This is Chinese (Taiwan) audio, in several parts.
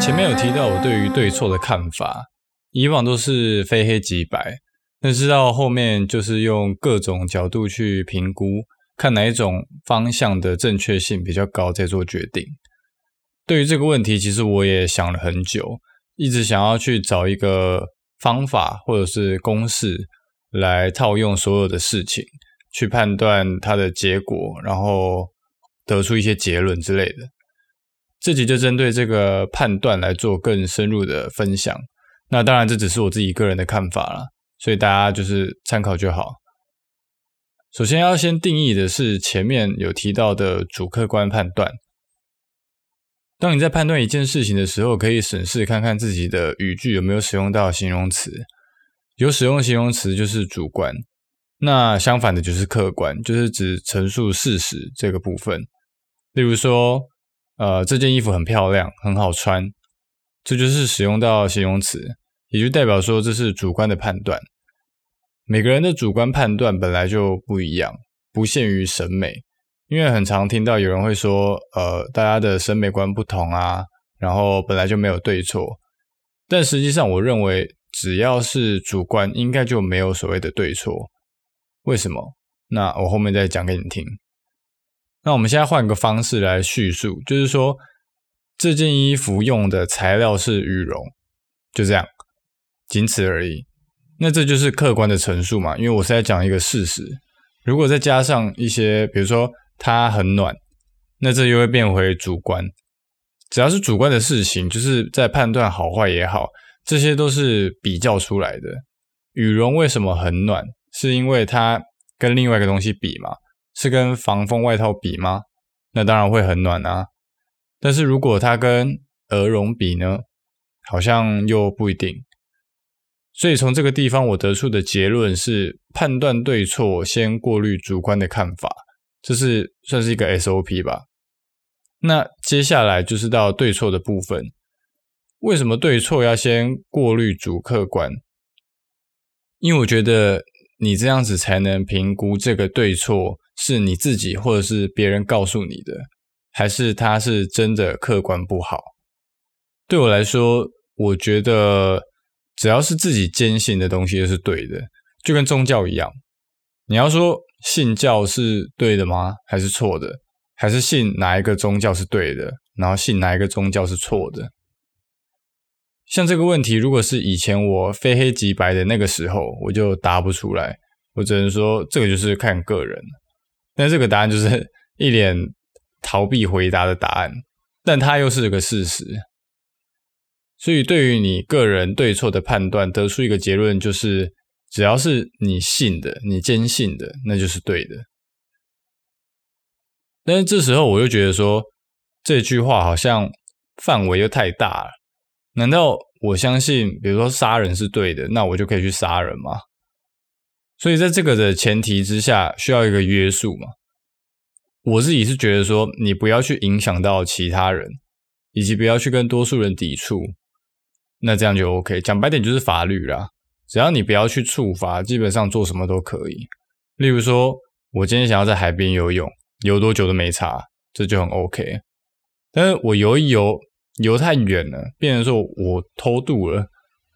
前面有提到我對於對錯的看法，以往都是非黑即白，但是到後面就是用各種角度去評估，看哪一種方向的正確性比較高，再做決定。對於這個問題，其實我也想了很久，一直想要去找一個方法或者是公式。來套用所有的事情，去判斷它的結果，然後得出一些結論之類的。這集就針對這個判斷來做更深入的分享。那當然這只是我自己個人的看法啦，所以大家就是參考就好。首先要先定義的是前面有提到的主客觀判斷。當你在判斷一件事情的時候，可以審視看看自己的語句有沒有使用到形容詞。有使用形容詞就是主觀，那相反的就是客觀，就是指陳述事實這個部分。例如說，呃，這件衣服很漂亮，很好穿，這就是使用到形容詞，也就代表說這是主觀的判斷。每個人的主觀判斷本來就不一樣，不限於審美，因為很常聽到有人會說，呃，大家的審美觀不同啊，然後本來就沒有對錯。但實際上我認為。只要是主觀，應該就沒有所謂的對錯。為什麼？那我後面再講給你聽。那我們現在換個方式來敘述，就是說，這件衣服用的材料是羽絨，就這樣，僅此而已。那這就是客觀的陳述嘛，因為我是在講一個事實。如果再加上一些，比如說它很暖，那這又會變回主觀。只要是主觀的事情，就是在判斷好壞也好。這些都是比較出來的。羽絨為什麼很暖？是因為它跟另外一個東西比嗎？是跟防風外套比嗎？那當然會很暖啊。但是如果它跟鵝絨比呢，好像又不一定。所以從這個地方，我得出的結論是：判斷對錯，先過濾主觀的看法，這是算是一個 SOP 吧。那接下來就是到對錯的部分。為什麼對錯要先過濾主客觀？因為我覺得你這樣子才能評估這個對錯，是你自己或者是別人告訴你的，還是他是真的客觀不好。對我來說，我覺得只要是自己堅信的東西就是對的，就跟宗教一樣。你要說信教是對的嗎？還是錯的？還是信哪一個宗教是對的，然後信哪一個宗教是錯的？像這個問題，如果是以前我非黑即白的那個時候，我就答不出來，我只能說這個就是看個人。那這個答案就是一臉逃避回答的答案，但它又是個事實。所以對於你個人對錯的判斷，得出一個結論就是，只要是你信的、你堅信的，那就是對的。但是這時候我就覺得說，這句話好像範圍又太大了。難道我相信，比如說殺人是對的，那我就可以去殺人嗎？所以在這個的前提之下，需要一個約束嘛。我自己是覺得說，你不要去影響到其他人，以及不要去跟多數人抵觸，那這樣就 OK。講白點就是法律啦，只要你不要去觸法，基本上做什麼都可以。例如說，我今天想要在海邊游泳，游多久都沒差，這就很 OK。但是我游一游。遊太遠了，變成說我偷渡了，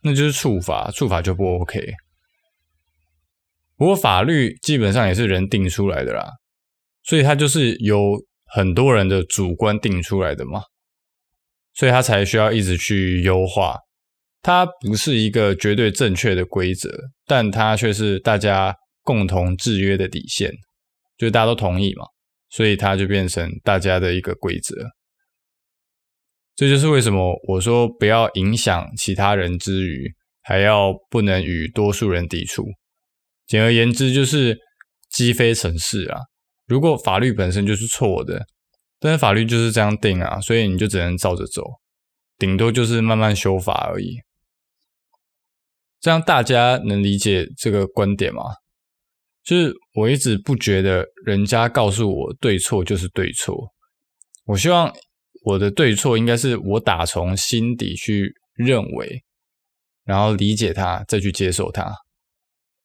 那就是處罰，處罰就不 OK。不過法律基本上也是人定出來的啦，所以它就是由很多人的主觀定出來的嘛，所以它才需要一直去優化。它不是一個絕對正確的規則，但它卻是大家共同制約的底線，就大家都同意嘛，所以它就變成大家的一個規則。這就是為什麼我說不要影響其他人之餘，還要不能與多數人抵觸。簡而言之，就是積非成是啊！如果法律本身就是錯的，但是法律就是這樣定啊，所以你就只能照着走，頂多就是慢慢修法而已。這樣大家能理解這個觀點嗎？就是我一直不覺得人家告訴我對錯就是對錯，我希望。我的對錯應該是我打從心底去認為，然後理解它，再去接受它。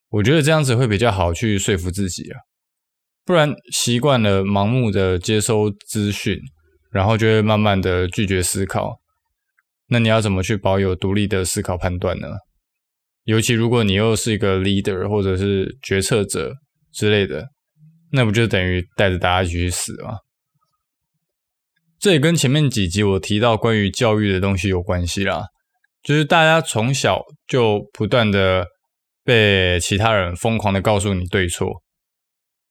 我覺得這樣子會比較好去說服自己啊，不然習慣了盲目的接收資訊，然後就會慢慢的拒絕思考。那你要怎麼去保有獨立的思考判斷呢？尤其如果你又是一個 leader 或者是決策者之類的，那不就等於帶着大家一起去死嗎？這也跟前面幾集我提到關於教育的東西有關係啦，就是大家從小就不斷的被其他人瘋狂的告訴你對錯，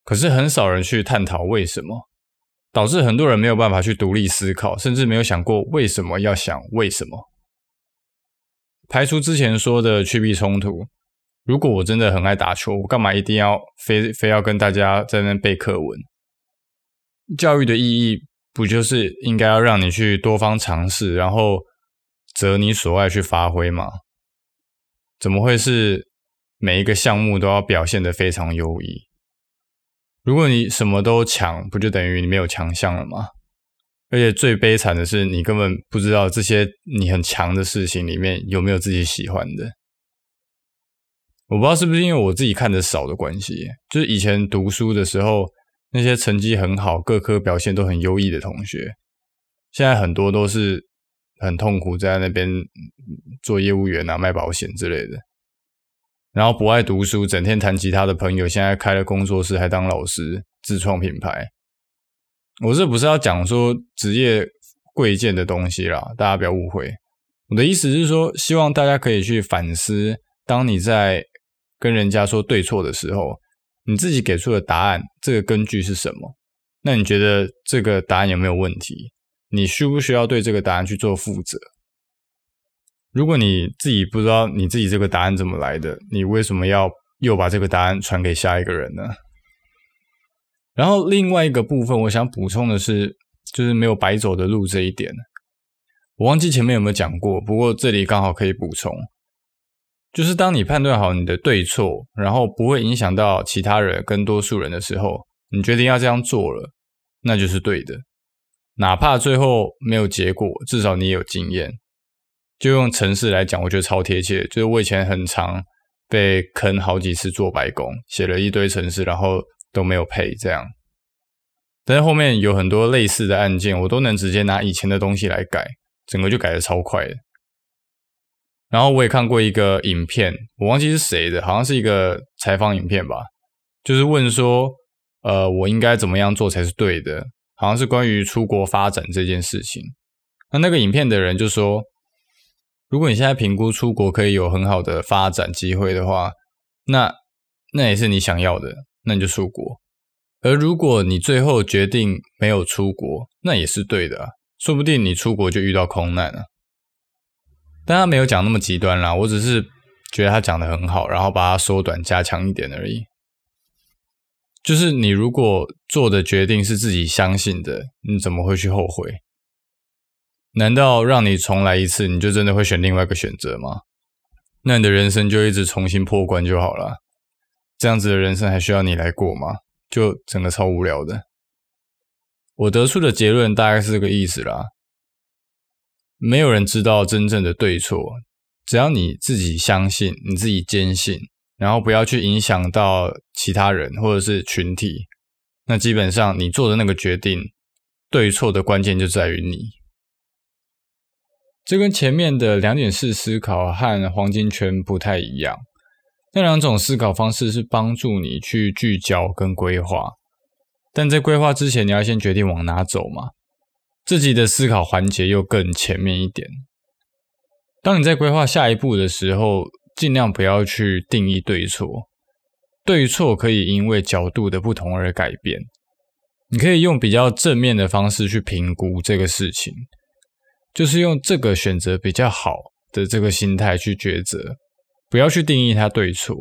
可是很少人去探討為什麼，導致很多人沒有辦法去獨立思考，甚至沒有想過為什麼要想為什麼。排除之前說的趨避衝突，如果我真的很愛打球，我幹嘛一定要非非要跟大家在那背課文？教育的意義，不就是應該要讓你去多方嘗試，然後擇你所愛去發揮嗎？怎麼會是每一個項目都要表現得非常優異？如果你什麼都強，不就等於你沒有強項了嗎？而且最悲慘的是，你根本不知道這些你很強的事情裡面有沒有自己喜歡的。我不知道是不是因為我自己看的少的關係，就是以前讀書的時候。那些成績很好、各科表現都很優異的同學，現在很多都是很痛苦，在那邊做業務員啊、賣保險之類的。然後不愛讀書、整天彈吉他的朋友，現在開了工作室，還當老師，自創品牌。我這不是要講說職業貴賤的東西啦，大家不要誤會。我的意思是說，希望大家可以去反思，當你在跟人家說對錯的時候。你自己給出的答案，這個根據是什麼？那你覺得這個答案有沒有問題？你需不需要對這個答案去做負責？如果你自己不知道你自己這個答案怎麼來的，你為什麼要又把這個答案傳給下一個人呢？然後另外一個部分，我想補充的是，就是沒有白走的路這一點。我忘記前面有沒有講過，不過這裡剛好可以補充。就是當你判斷好你的對錯，然後不會影響到其他人跟多數人的時候，你決定要這樣做了，那就是對的。哪怕最後沒有結果，至少你也有經驗。就用程式來講，我覺得超貼切。就是我以前很常被坑好幾次做白工，寫了一堆程式，然後都沒有配這樣。但是後面有很多類似的案件，我都能直接拿以前的東西來改，整個就改得超快的。然後我也看過一個影片，我忘記是誰的，好像是一個採訪影片吧，就是問說，呃，我應該怎麼樣做才是對的？好像是關於出國發展這件事情。那那個影片的人就說，如果你現在評估出國可以有很好的發展機會的話，那那也是你想要的，那你就出國。而如果你最後決定沒有出國，那也是對的啊，說不定你出國就遇到空難了。但他沒有講那麼極端啦，我只是覺得他講的很好，然後把它縮短、加強一點而已。就是你如果做的決定是自己相信的，你怎麼會去後悔？難道讓你重來一次，你就真的會選另外一個選擇嗎？那你的人生就一直重新破關就好了，這樣子的人生還需要你來過嗎？就整個超無聊的。我得出的結論大概是這個意思啦。沒有人知道真正的對錯，只要你自己相信，你自己堅信，然後不要去影響到其他人或者是群體，那基本上你做的那個決定對錯的關鍵就在於你。這跟前面的兩點式思考和黃金圈不太一樣，那兩種思考方式是幫助你去聚焦跟規劃，但在規劃之前，你要先決定往哪走嘛。這集的思考環節又更前面一點。當你在規劃下一步的時候，盡量不要去定義對錯，對錯可以因為角度的不同而改變。你可以用比較正面的方式去評估這個事情，就是用這個選擇比較好的這個心態去抉擇，不要去定義它對錯，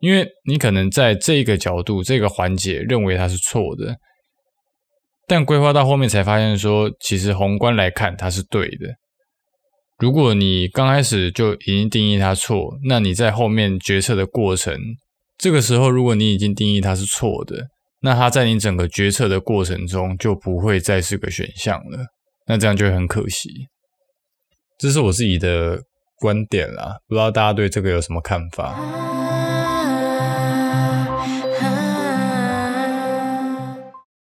因為你可能在這個角度、這個環節認為它是錯的。但規劃到後面才發現說其實宏觀來看它是對的。如果你剛開始就已經定義它錯，那你在後面決策的過程，這個時候如果你已經定義它是錯的，那它在你整個決策的過程中就不會再是個選項了。那這樣就會很可惜。這是我自己的觀點啦，不知道大家對這個有什麼看法？